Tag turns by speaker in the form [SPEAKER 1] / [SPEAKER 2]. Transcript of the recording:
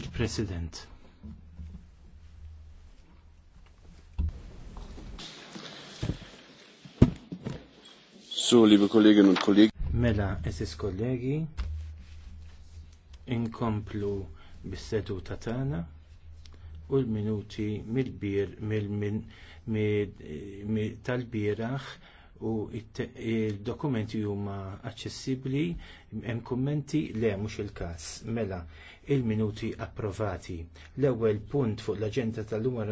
[SPEAKER 1] il-President.
[SPEAKER 2] So, liebe Kolleginnen und Kollegen.
[SPEAKER 3] Mela, esis kollegi, inkomplu bis-seduta tatana u l-minuti mil bir mil min mil tal-bieraħ u il-dokumenti huma aċċessibbli hemm kummenti le mhux il-każ mela il-minuti approvati. L-ewwel punt fuq l-aġenda tal-lum